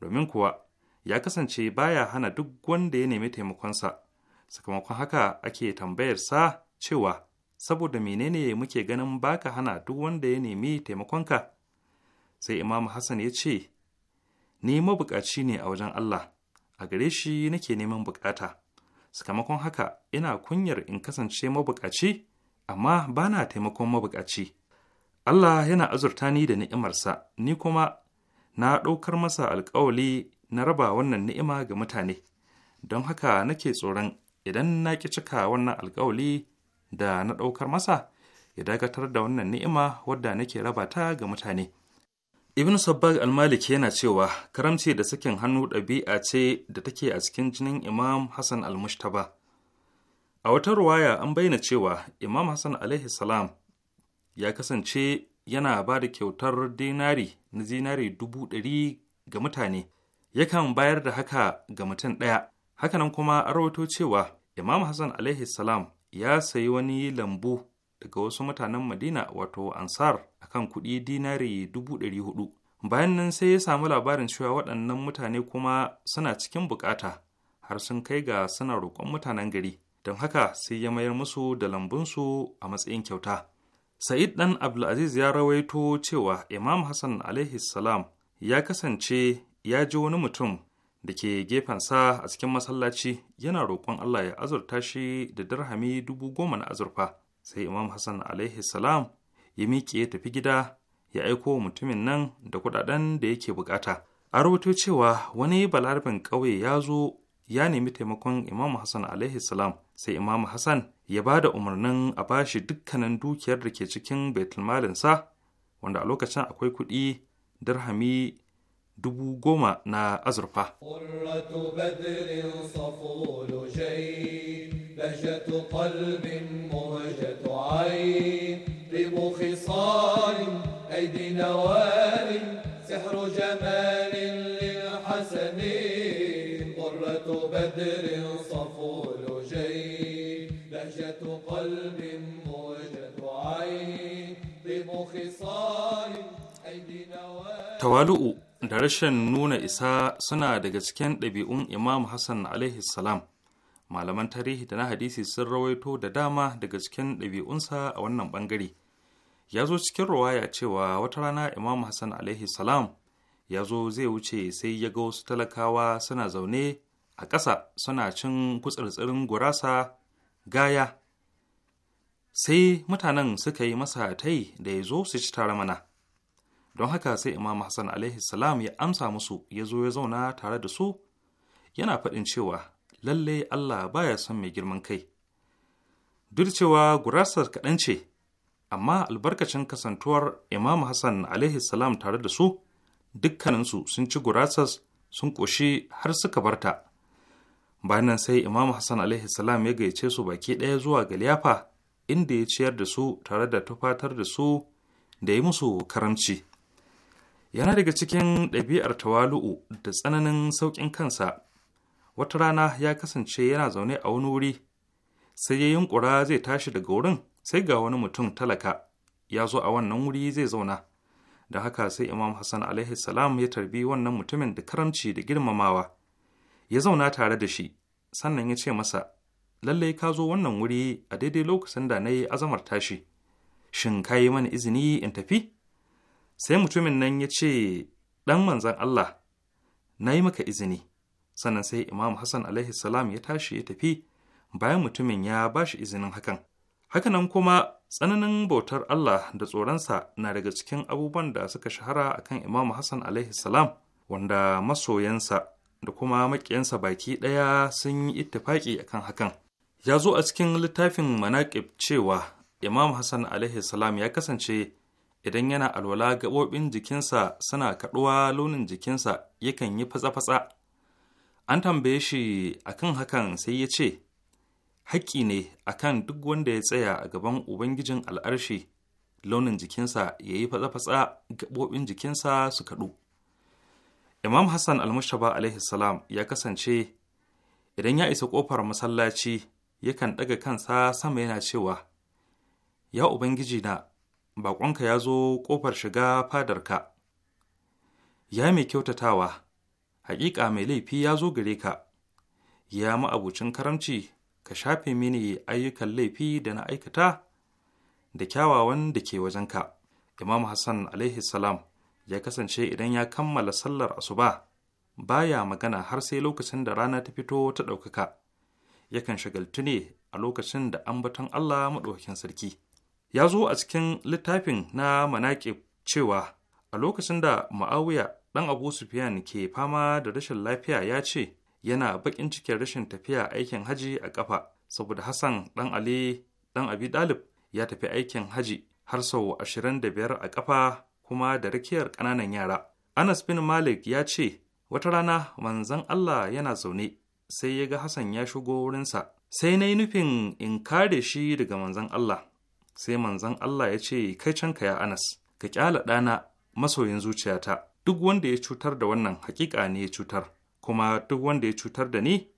domin kuwa ya kasance baya hana duk wanda ya nemi taimakonsa, sakamakon haka ake tambayarsa cewa saboda menene muke ganin baka hana duk wanda ya nemi taimakonka sai imamu hassan ya ce ni mabukaci ne a wajen allah a gare shi nake neman bukata sakamakon haka ina kunyar in kasance mabukaci amma ba na taimakon mabukaci allah yana azurta ni da ni'imarsa ni kuma na ɗaukar masa alkawali na raba wannan ni'ima ga mutane don haka nake tsoron idan na ƙi cika wannan alkawali da na ɗaukar masa ya dakatar da wannan ni'ima wadda nake raba ta ga mutane. Ibn Sabbag al-Maliki yana cewa karamci da sakin hannu ɗabi'a ce da take a cikin jinin Imam Hassan al-Mushtaba. A wata ruwaya an bayyana cewa Imam Hassan alaihi salam ya kasance yana ba da kyautar dinari na zinari dubu ɗari ga mutane, yakan bayar da haka ga mutum ɗaya. Hakanan kuma a rawato cewa Imam Hassan alaihi salam ya sayi wani lambu daga wasu mutanen madina wato ansar a kan kuɗi dinari dubu ɗari hudu bayan nan sai ya samu labarin cewa waɗannan mutane kuma suna cikin bukata har sun kai ga suna roƙon mutanen gari don haka sai ya mayar musu da lambunsu a matsayin kyauta sa'id ɗan abdulaziz ya rawaito cewa imam hassan alaihi salam ya kasance ya ji wani mutum da ke gefensa a cikin masallaci yana roƙon Allah ya azurta shi da dirhami dubu goma na azurfa sai imam hassan alaihi salam ya miƙe ya tafi gida ya aiko mutumin nan da kuɗaɗen da yake bukata a rubuto cewa wani balarabin ƙauye ya zo ya nemi taimakon imam hassan alaihi salam sai imam hassan ya ba da umarnin a bashi dukkanin dukiyar da ke cikin baitulmalinsa wanda a lokacin akwai kuɗi dirhami dubu goma na azurfa. سحر جمال للحسن قرة بدر صفو لجي لهجة قلب موجة عين طيب خصال أيدي نوال da rashin nuna isa suna daga cikin ɗabi'un Imam Hassan alaihi salam. Malaman tarihi da na hadisi sun rawaito da dama daga cikin ɗabi'unsa a wannan ɓangare. Ya zo cikin ruwaya cewa wata rana Imam Hassan alaihi salam ya zo zai wuce sai ya ga wasu talakawa suna zaune a ƙasa suna cin kutsirtsirin gurasa gaya. Sai mutanen suka yi masa tai da ya zo su ci tara mana. don haka sai imam hassan alaihi ya amsa musu ya zo ya zauna tare da su yana faɗin cewa lalle allah baya son mai girman kai duk cewa gurasar kaɗan ce amma albarkacin kasantuwar imam hassan alaihi tare da su dukkaninsu sun ci gurasas sun ƙoshi har suka barta bayan nan sai imam hassan alaihi ya gayyace su baki ɗaya zuwa ga liyafa inda ya ciyar da su tare da tufatar da su da yi musu karamci yana daga cikin ɗabi'ar tawalu'u da tsananin sauƙin kansa wata rana ya kasance yana zaune a wani wuri sai ya yunƙura zai tashi daga wurin sai ga wani mutum talaka ya zo a wannan wuri zai zauna da haka sai imam hassan alaihi salam ya tarbi wannan mutumin da karamci da girmamawa ya zauna tare da shi sannan ya ce masa lallai ka zo wannan wuri a daidai lokacin da na yi azamar tashi shin ka yi mana izini in tafi sai mutumin nan ya ce ɗan manzan Allah na yi maka izini sannan sai imam hassan alaihi salam ya tashi ya tafi bayan mutumin ya ba shi izinin hakan hakanan kuma tsananin bautar Allah da tsoronsa na daga cikin abubuwan da suka shahara akan imam hassan alaihi salam wanda masoyansa da kuma maƙiyansa baki ɗaya sun yi ittifaƙi akan hakan ya zo a cikin littafin manaƙib cewa imam hassan alaihi salam ya kasance idan yana alwala gaɓoɓin jikinsa suna kaɗuwa launin jikinsa yakan yi fatsa-fatsa an tambaye shi akan hakan sai ya ce haƙƙi ne akan duk wanda ya tsaya a gaban ubangijin al'arshi launin jikinsa ya yi fatsa-fatsa gaɓoɓin jikinsa su kaɗu imam hassan almushaba alaihi salam ya kasance idan ya isa ƙofar masallaci yakan ɗaga kansa sama yana cewa ya ubangiji na baƙonka ya zo ƙofar shiga fadarka. Ya mai kyautatawa, haƙiƙa mai laifi ya zo gare ka, ya ma'abucin karamci ka shafe mini ayyukan laifi da na aikata da kyawawan da ke wajenka. Imam Hassan alaihi salam ya kasance idan ya kammala sallar asuba baya magana har sai lokacin da rana ta fito ta ɗaukaka. Yakan shagaltu ne a lokacin da ambaton Allah maɗaukakin sarki. ya zo a cikin littafin na manaƙib cewa a lokacin da ma'awiya ɗan abu sufiyan ke fama da rashin lafiya ya ce yana baƙin cikin rashin tafiya aikin haji a ƙafa saboda hassan ɗan ali ɗan abi ɗalib ya tafi aikin haji har sau ashirin da biyar a ƙafa kuma da rakiyar ƙananan yara anas bin malik ya ce wata rana manzon allah yana zaune sai ya ga hassan ya shigo wurinsa sai na yi nufin in kare shi daga manzon allah sai manzon Allah ya ce kai canka ya Anas ka kyala ɗana masoyin zuciyata duk wanda ya cutar da wannan hakika ne ya cutar kuma duk wanda ya cutar da ni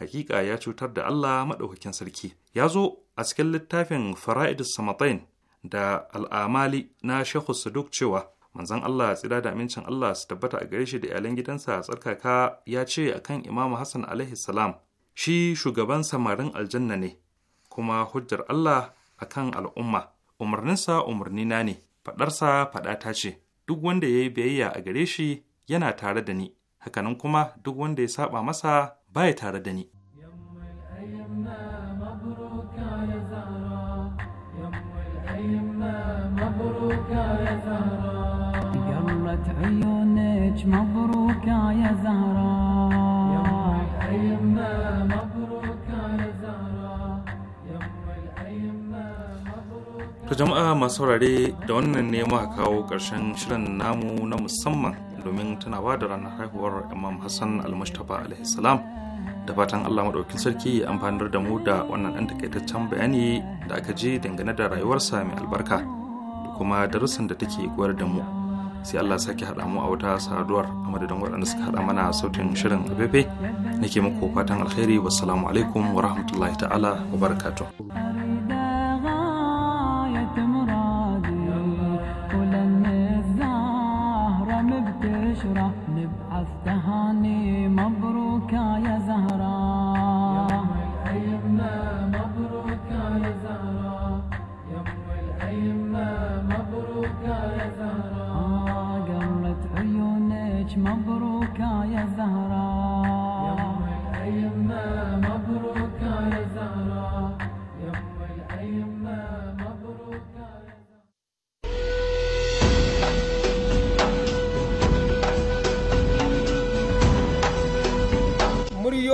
hakika ya cutar da Allah maɗaukakin sarki ya zo a cikin littafin fara'id samatain da al'amali na shehu duk cewa manzon Allah tsira da amincin Allah su tabbata a gare shi da iyalan gidansa a tsarkaka ya ce akan imamu Hassan alaihi salam shi shugaban samarin aljanna ne kuma hujjar Allah akan al'umma umarninsa umarnina ne faɗarsa faɗata ce duk wanda ya yi biyayya a gare shi yana tare da ni hakanan kuma duk wanda ya saba masa baya tare da ni مبروك يا زهرة To jama'a masu saurare da wannan ne muka kawo ƙarshen shirin namu na musamman domin tunawa da ranar haihuwar Imam Hassan Al-Mustafa alaihi salam. Da fatan Allah madaukakin sarki ya amfanar da mu da wannan ɗan takaitaccen bayani da aka ji dangane da rayuwarsa mai albarka da kuma darussan da take koyar da mu. sai Allah sake haɗa mu a wata saduwar a madadin waɗanda suka haɗa mana sautin shirin afefe nake muku fatan alkhairi wassalamu alaikum wa rahmatullahi ta'ala wa barakatuh जहाँ ने मम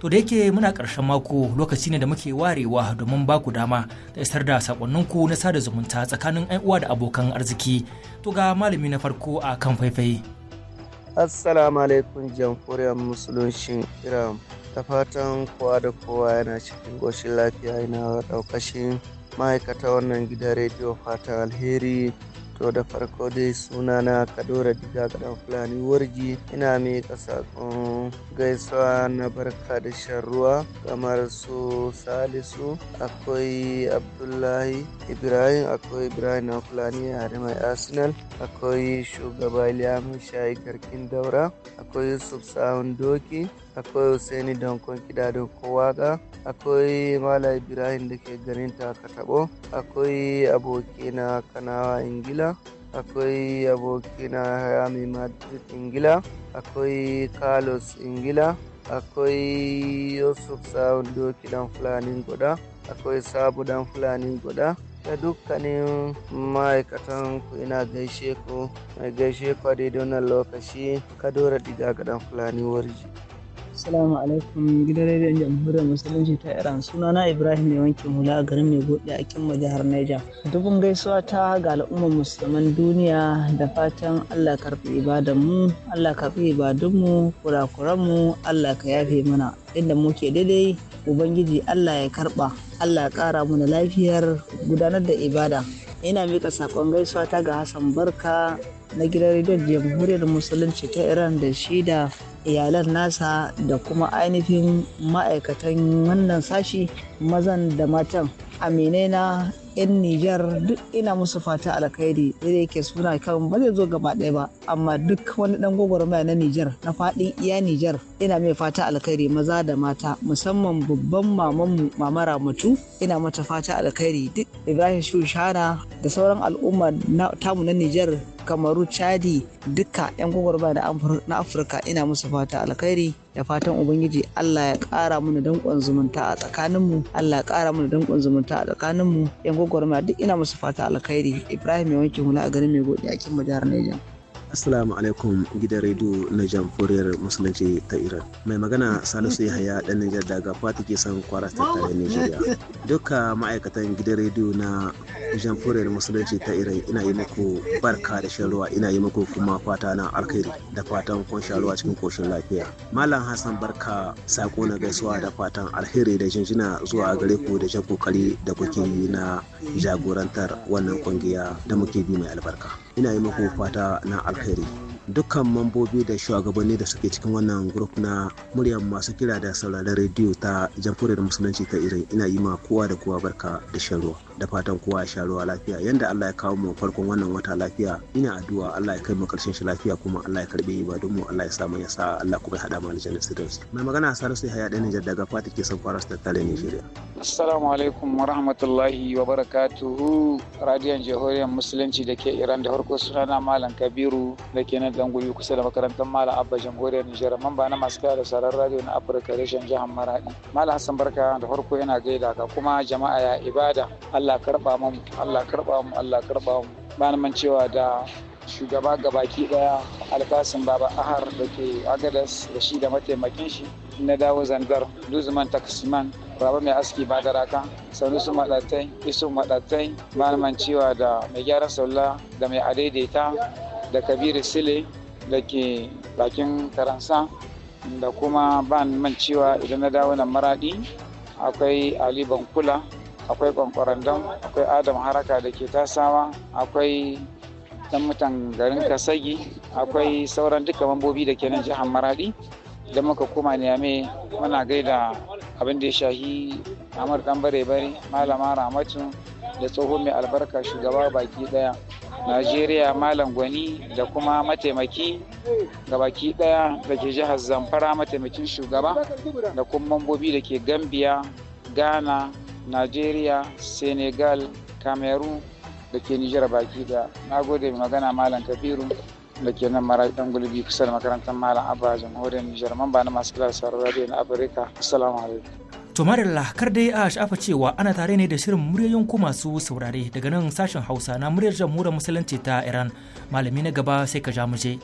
To da yake muna ƙarshen mako lokaci ne da muke warewa domin ba ku dama da isar da sakonninku na sada zumunta tsakanin 'yan uwa da abokan arziki. To ga malami na farko a kan faifai. Assalamu alaikum jamhuriyar musulunci Iran. Ta fatan kowa da kowa yana cikin goshin lafiya ina daukashin ma'aikata wannan gidan rediyo fatan alheri To da farko dai sunana Kadora Diga Gadan Fulani Warji ina miƙa saƙon gaisuwa na barka da ruwa kamar su Salisu akwai Abdullahi Ibrahim akwai Ibrahim na Fulani a mai Arsenal akwai shugaba Liam Shayi Garkin Daura akwai Yusuf Sahun Doki akwai Hussaini Dankon Kida da ga akwai Mala Ibrahim da ke garin Takatabo, akwai abokina Kanawa Ingila, akwai abokina hayami Madrid Ingila, akwai Carlos Ingila, akwai Yusuf doki dan Fulani guda akwai Sabu Dan Fulani guda da dukkanin ma'aikatan ku ina gaishe ku mai gaishe ku a daidai wannan lokaci kadora diga ga dan fulani warji Assalamu alaikum gidan rediyon jamhuriyar musulunci ta Iran suna na Ibrahim mai wankin hula a garin mai buɗe a kimma jihar Niger. Dubun gaisuwa ta ga al'ummar musulman duniya da fatan Allah karfi ibadan mu, Allah karfi ibadun mu, kurakuran mu, Allah ka yafe mana. Inda muke daidai Ubangiji Allah ya karɓa. Allah ya kara mu da lafiyar gudanar da ibada. Ina mika sakon gaisuwa ta ga Hassan Barka na gidan rediyon jamhuriyar musulunci ta Iran da shida. iyalan nasa da kuma ainihin ma'aikatan wannan sashi mazan da matan aminai na 'yan Nijar duk ina musu fata alkhairi da yake suna kan ba zai zo gaba ɗaya ba amma duk wani dan gwagwarmaya na Nijar na faɗin iya Nijar ina mai fata alkhairi maza da mata musamman babban mamanmu Mamara mutu ina mata fata alkhairi duk Ibrahim Shushana da sauran al'umma tamu na Nijar kamaru chadi duka 'yan gwagwarba na afirka ina musu fata alkhairi da fatan ubangiji allah ya kara mana danƙon zumunta a tsakaninmu allah ya kara mana danƙon zumunta a tsakaninmu 'yan gwagwarba duk ina musu fata alkhairi ibrahim ya wanke hula a garin mai godiya kin jihar niger Assalamu alaikum gidan rediyo na jamhuriyar musulunci ta Iran. Mai magana Salisu Yahaya dan Niger daga Fati ke san kwara tare Nijeriya. Duka ma'aikatan gidan rediyo na jamhuriyar musulunci ta Iran ina yi muku barka da shan ruwa ina yi muku kuma fata na alkhairi da fatan kun sha ruwa cikin koshin lafiya. Malam Hassan barka sako na gaisuwa da fatan alheri da jinjina zuwa gare ku da jan kokari da kuke yi na jagorantar wannan kungiya da muke bi mai albarka. ina yi muku fata na alheri dukkan mambobi da shugabanni da suke cikin wannan grup na muryar masu kira da sauraron rediyo ta jamhuriyar musulunci ta irin ina yi ma kowa da kowa barka da shan ruwa da fatan kowa ya sha ruwa lafiya yanda Allah ya kawo mu farkon wannan wata lafiya ina addu'a Allah ya kai mu karshen shi lafiya kuma Allah ya karbe ibadun mu Allah ya sa ya sa Allah kuma ya hada mu aljanna sirrin mai magana Salisu haya da Nijar daga Fati ke son fara tattare Nigeria Assalamu alaikum wa rahmatullahi wa barakatuhu radiyon jihohiyar musulunci da ke Iran da farko na Malam Kabiru da ke nan Danguri kusa da makarantar Malam Abba Jamhuriyar Nijar mamba na masu da sarar radiyo na Afirka reshen jihar Maradi Malam Hassan Barka da farko yana gaida ka kuma jama'a ya ibada Allah Allah karba mu Allah karba mu Allah karba mu malaman cewa da shugaba gabaki daya alkasin baba ahar da ke agadas da shi da mataimakin shi na dawo zangar duzuman takasiman rabu mai aski ba da raka sanu su maɗatai isu maɗatai malaman cewa da mai gyaran saula da mai adaidaita da kabiru sile da ke bakin karansa da kuma ban man cewa idan na dawo nan maraɗi akwai ali bankula akwai dam akwai adam haraka da ke tasawa akwai dan mutan garin kasagi akwai sauran duka mambobi da ke nan jihar maradi da muka koma niyame muna gaida abin da ya shahi amur dan bare bare malama ramatu da tsoho mai albarka shugaba baki daya najeriya malam gwani da kuma mataimaki ga baki daya da ke jihar zamfara mataimakin shugaba da kuma mambobi da ke gambiya ghana najeriya senegal cameroon da ke nijar baki da na magana malam kabiru da ke nan mara dan gulbi kusa da makarantar malam abba jamhuriyar nijar ba na masu kula da radio na afirka assalamu alaikum to marilla kar dai a shafa cewa ana tare ne da shirin muryoyin ku masu saurare daga nan sashen hausa na muryar jamhuriyar musulunci ta iran malami na gaba sai ka ja mu je.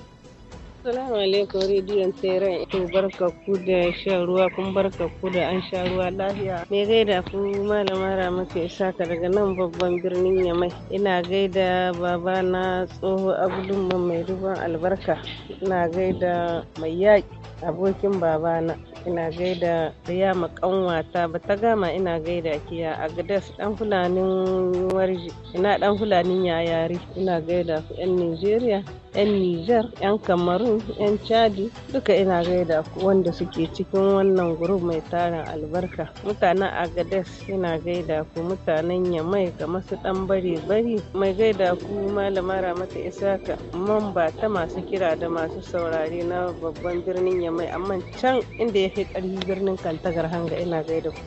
Assalamu alaikum rediyon Teran. To barka ku da shan ruwa kun barka ku da an sha ruwa lafiya. Me gaida ku malama Ramatu saka daga nan babban birnin Yamai. Ina gaida baba na tsoho Abdul mai ruwan albarka. Ina gaida mai yaƙi abokin babana. ina gaida ma makanwata ba ta gama ina gaida kiya a gadas ɗan fulanin warji ina dan fulanin yayari ina gaida ku yan nigeria yan niger yan cameroon yan chadi duka ina gaida ku wanda suke cikin wannan guruf mai tarin albarka mutanen agades ina gaida ku mutanen yamai kamar su dan bari bari mai gaida ku malama ramata isaka mamba ta masu kira da masu saurare na babban birnin yamai amma can inda ya take karhi birnin kantagar hanga ina gaida ku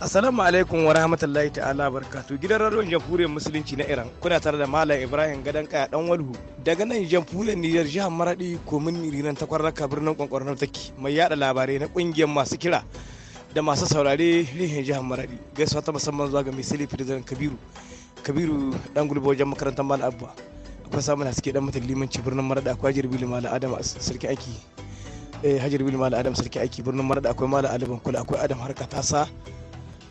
Assalamu alaikum wa rahmatullahi ta'ala barkatu gidan radio jamhuriyar musulunci na Iran kuna tare da Malam Ibrahim Gadan Kaya dan Walhu daga nan jamhuriyar Niger jihar Maradi komin Rinan takwarraka birnin kwankwarnar take mai yada labarai na kungiyar masu kira da masu saurare rihin jihar Maradi gaisuwa ta musamman zuwa ga Misali Firzan Kabiru Kabiru dan gulbo wajen makarantar Malam Abba akwai samun haske dan mutum limanci birnin Maradi akwai jirbi Malam Adam sarki aiki Eh, Hajar Bin Malam Adam Sarki aiki birnin Marada akwai Malam Ali kula akwai Adam Harka Tasa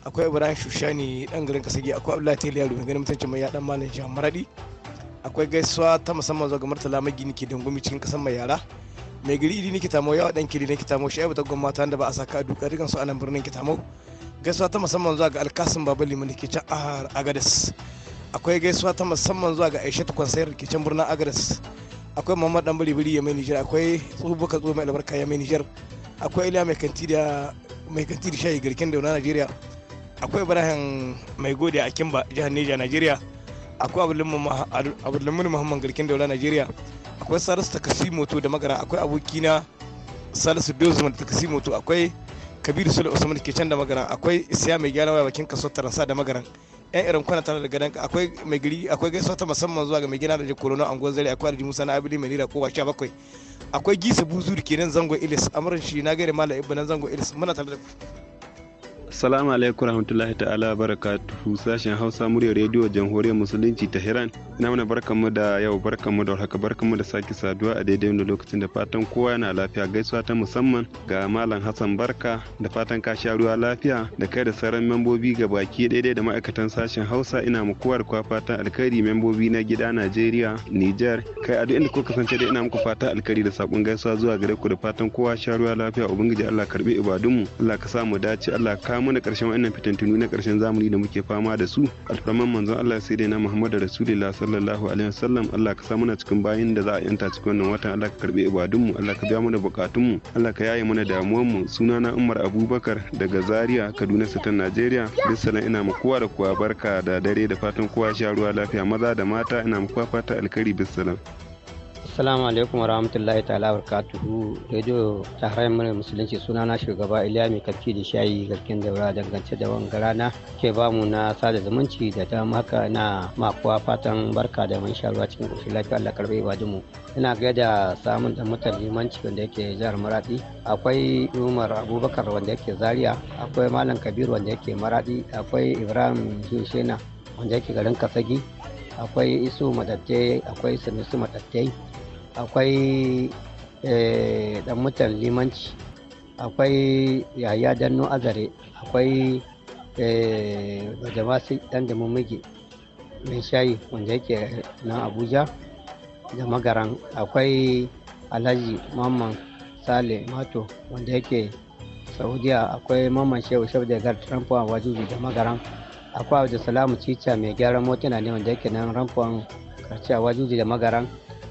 akwai Ibrahim Shushani dan garin Kasige akwai Abdullahi Teliya Rubin ganin mutuncin mai yadan Malam Jihar Maradi akwai gaisuwa ta musamman zuwa ga Murtala Magini ke dangumi cikin kasan mai yara mai gari idi ni kitamo yawa dan kiri ne kitamo shi ta gwamma ta da ba a saka a duka dukan su a nan birnin kitamo gaisuwa ta musamman zuwa ga alkasim babali mu ke can agadas akwai gaisuwa ta musamman zuwa ga aishatu kwansayar ke can birnin agadas akwai muhammad dan biri ya mai nijar akwai tsohubuka tsohu mai albarka ya mai nijar akwai iliya mai kanti da mai kanti da shayi garkin dauna najeriya akwai ibrahim mai gode a kimba jihar neja najeriya akwai abdulmumin muhammad garkin dauna najeriya akwai salisu takasi moto da magana akwai abokina salisu dozman takasi moto akwai kabiru sule usman ke can da magana akwai isiya mai gyara waya bakin kaso taransa da magaran yan irin kwana tana da gadan akwai mai gari akwai gaisuwa ta musamman zuwa ga mai gina da je korono angon zare akwai da sana abili mai nira kowa sha bakwai akwai gisa buzu buzuri kenan zango ilis amarin shi na gaida malam nan zango ilis muna tare da ku Assalamu alaikum rahmatullahi ta'ala barakatuhu sashen Hausa muryar rediyo Jamhuriyar Musulunci ta Iran. Ina mana barkanmu da yau barkanmu da warhaka barkanmu da sake saduwa a daidai da lokacin da fatan kowa yana lafiya gaisuwa ta musamman ga Malam Hassan Barka da fatan ka sha ruwa lafiya da kai da sauran membobi ga baki daidai da ma'aikatan sashen Hausa ina muku kwa fatan alkhairi membobi na gida Najeriya, Niger, kai a duk inda kuka kasance dai ina muku fatan alkhairi da sakon gaisuwa zuwa gare ku da fatan kowa sha ruwa lafiya ubangiji Allah karbi ibadunmu Allah ka sa mu dace Allah ka kawo mana karshen wannan fitantunu na karshen zamani da muke fama da su alfarman manzon Allah sai dai na Muhammadu Rasulullah sallallahu alaihi wasallam Allah ka sa mana cikin bayin da za a yanta cikin wannan watan Allah ka karbe ibadun mu Allah ka biya mana bukatun mu Allah ka yaye mana damuwar mu na Umar Abubakar daga Zaria Kaduna Sitan Najeriya bisalan ina muku kowa da kowa barka da dare da fatan kowa sha ruwa lafiya maza da mata ina muku fata alkari bisalan Assalamu alaikum warahmatullahi ta'ala barkatuhu Radio harayin Mana Musulunci suna na shugaba Iliya mai kafi da shayi garkin daura dangance da wangarana ke bamu na sada zumunci da ta maka na makuwa fatan barka da man sharuwa cikin ƙoshin lafiya Allah karbe ibadunmu. Ina ga da samun da mutan limanci wanda yake jihar Maradi akwai Umar Abubakar wanda yake Zaria akwai Malam Kabir wanda yake Maradi akwai Ibrahim Jushena wanda yake garin Kasagi akwai Isu Madatte akwai sanusu Madatte akwai dan eh, mutan limanci akwai yaya danno azare akwai eh, bajamasi dan da mummige mai shayi wanda yake nan abuja da magaran akwai alhaji mamman sale mato wanda yake saudiya akwai mamman shehu shehu da gar trampuan wajibi da magaran akwai abu da salamu cica mai gyaran motuna ne wanda yake nan rampuan karciya wajibi da magaran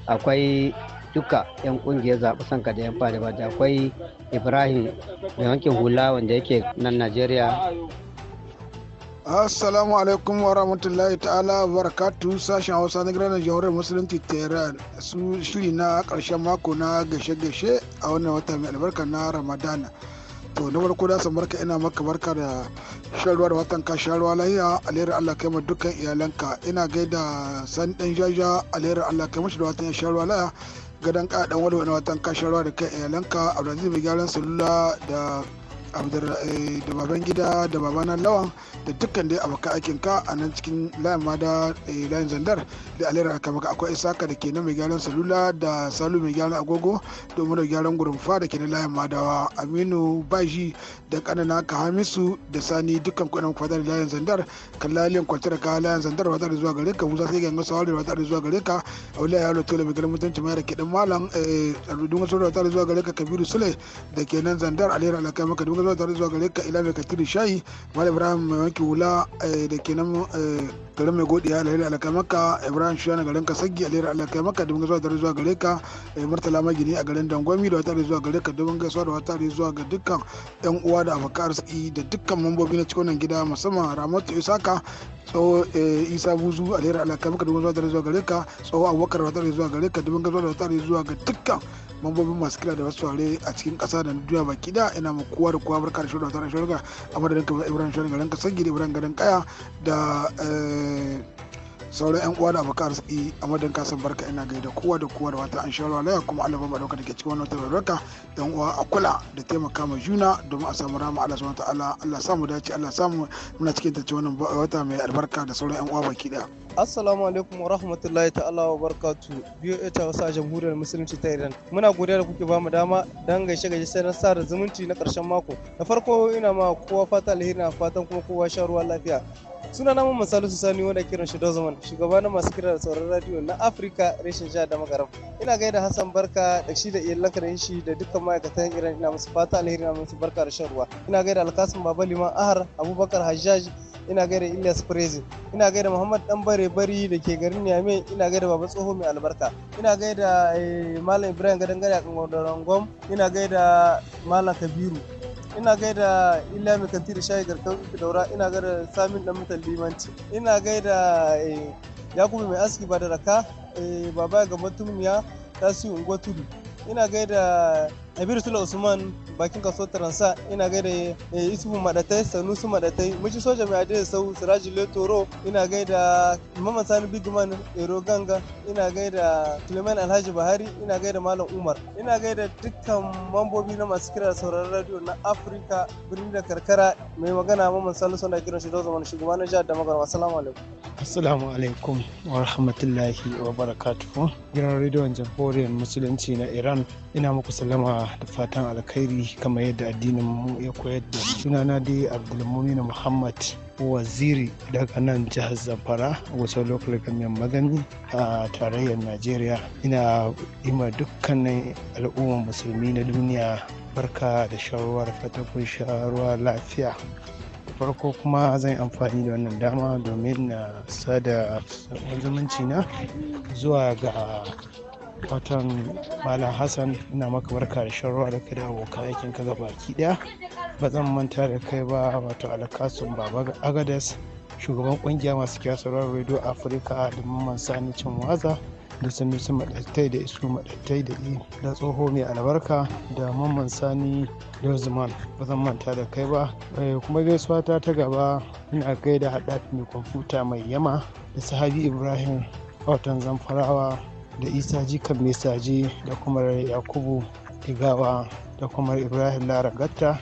akwai duka 'yan kungiyar zaɓi sanka da 'yan fadi da akwai ibrahim mai wankin hula wanda yake nan najeriya assalamu alaikum wa rahmatullahi ta'ala barakatu sashen hausa na gidan jamhuriyar musulunci tehran su shiri na karshen mako na gashe-gashe a wannan wata mai albarka na ramadana to na farko da san barka ina maka barka da shan ruwa da watan ka shan ruwa lahiya alherin Allah kai ma dukkan iyalanka ina gaida san dan jaja alherin Allah kai mashi da watan ya shan ruwa lahiya gadan ka dan wani na watan ka shan ruwa da kai iyalanka Abdulaziz mai gyaran salula da Eh, da baban gida da babana lawan da dukkan dai abokan aikin ka a nan cikin layin ma da eh, layin zandar da alera maka akwai isaka da ke na mai gyaran salula da salu mai gyaran agogo domin da gyaran gurumfa da ke na layin madawa aminu baji da kanana ka hamisu da sani dukkan kuɗin kwadar layin zandar kan layin kwantar ka layin zandar wata da zuwa gare ka musa sai ganga sawari wata da zuwa gare ka a wula yaro tola mai gyaran mutunci mai da ke dan malam eh, a rudun wasu wata da zuwa gare ka kabiru sule da ke nan zandar alera ka maka gudanar tare zuwa gare ka ila mai katiri shayi malam ibrahim mai wanki wula eh, da ke nan eh, garin mai godiya alheri maka ibrahim shiyana garin kasagi a alheri maka domin gaisuwa tare zuwa gare ka eh, murtala magini a garin dangwami da wata zuwa gare ka domin gaisuwa da wata zuwa ga dukkan yan uwa da abokan arziki da dukkan mambobi na cikin gida musamman ramatu isaka tsawo isa buzu a alheri maka domin gaisuwa da zuwa gare ka tsawo abubakar wata zuwa gare ka domin gaisuwa da wata zuwa ga dukkan mambobin masu kira da wasu a cikin ƙasa da duniya baki da ina ma kowa da kuma barka da shirin tare shirga a madadin kamar ibrahim shirga garin sangi gidi ibrahim garin kaya da eh, sauran yan uwa da abokan arziki a madadin kasan barka ina gai da kowa da kowa da wata an shawarwa laya kuma allah ba dauka da ke cikin wannan tabarbarka yan uwa a kula da taimaka ma juna domin a samu rama allah subhanahu ta'ala allah samu dace allah samu muna cikin tace wannan wata mai albarka da sauran yan uwa baki daya Assalamu alaikum wa rahmatullahi ta'ala wa barkatu biyo ita wasa jamhuriyar musulunci ta Iran. Muna godiya da kuke bamu dama dan gaishe gaishe sai na sa da zumunci na karshen mako. Da farko ina ma kowa fata alheri na fatan kuma kowa sha ruwa lafiya. suna namun misali su sani wanda kiran shi dozaman shugabanin masu kira da sauran radio na afirka reshen jihar da magaram ina gaida hassan barka da shi da iyalanka da shi da dukkan ma'aikatan iran ina musu fata alheri na musu barka da shan ruwa ina gaida alkasim baba liman ahar abubakar hajjaj ina gaida Ilyas Prezi ina gaida Muhammad Dan Bare Bari da ke garin Niamey ina gaida Baba Tsoho mai albarka ina gaida eh, Malam Ibrahim Gadangare a kan Gwam ina gaida Malam Kabiru ina gaida illa mai kanti da shayi garkar daura ina gaida samin dan mutan limanci ina gaida eh, yakubu mai aski ba da raka eh, baba ga mutumiya tasi unguwa tudu ina gaida Abiru Sula Usman bakin kaso Taransa ina gaida Isufu eh, Madatai Sanusi Madatai Miji Soja Mai Adai Sau Siraji Letoro ina gaida Mamman Sani big man Ero Ganga ina gaida Suleiman Alhaji Bahari ina gaida Malam Umar ina gaida dukkan mambobi na masu kira sauraron radio na Afirka birni da karkara mai magana Mamman Salisu na kira shi da zaman na jihar da magarwa assalamu alaikum assalamu alaikum wa rahmatullahi wa barakatuhu gidan rediyon jamhuriyar musulunci na Iran ina muku salama. da fatan alkhairi kamar yadda addinin mu ya koyar da sunana dai abdulmumin muhammad waziri daga nan jihar zamfara wasu local government magani a tarayyar najeriya ina ima dukkanin al'ummar musulmi na duniya barka da shawarwar fata kun lafiya farko kuma zan amfani da wannan dama domin na sada zumunci na zuwa ga watan malam hassan ina maka barka da shan da kai da abokan aikin ka gaba ki daya ba zan manta da kai ba wato alakasun baba agadas shugaban kungiya masu kiya sauran radio afirka da mamman sani cin waza da sanusi madattai da isu madattai da i da tsoho mai albarka da mamman sani lozman ba zan manta da kai ba eh, kuma gaisuwa ta ta gaba ina gaida haɗa mai kwamfuta mai yama da sahabi ibrahim watan zamfarawa da isa jikan mesaji da kuma yakubu digawa da kuma ibrahim laragatta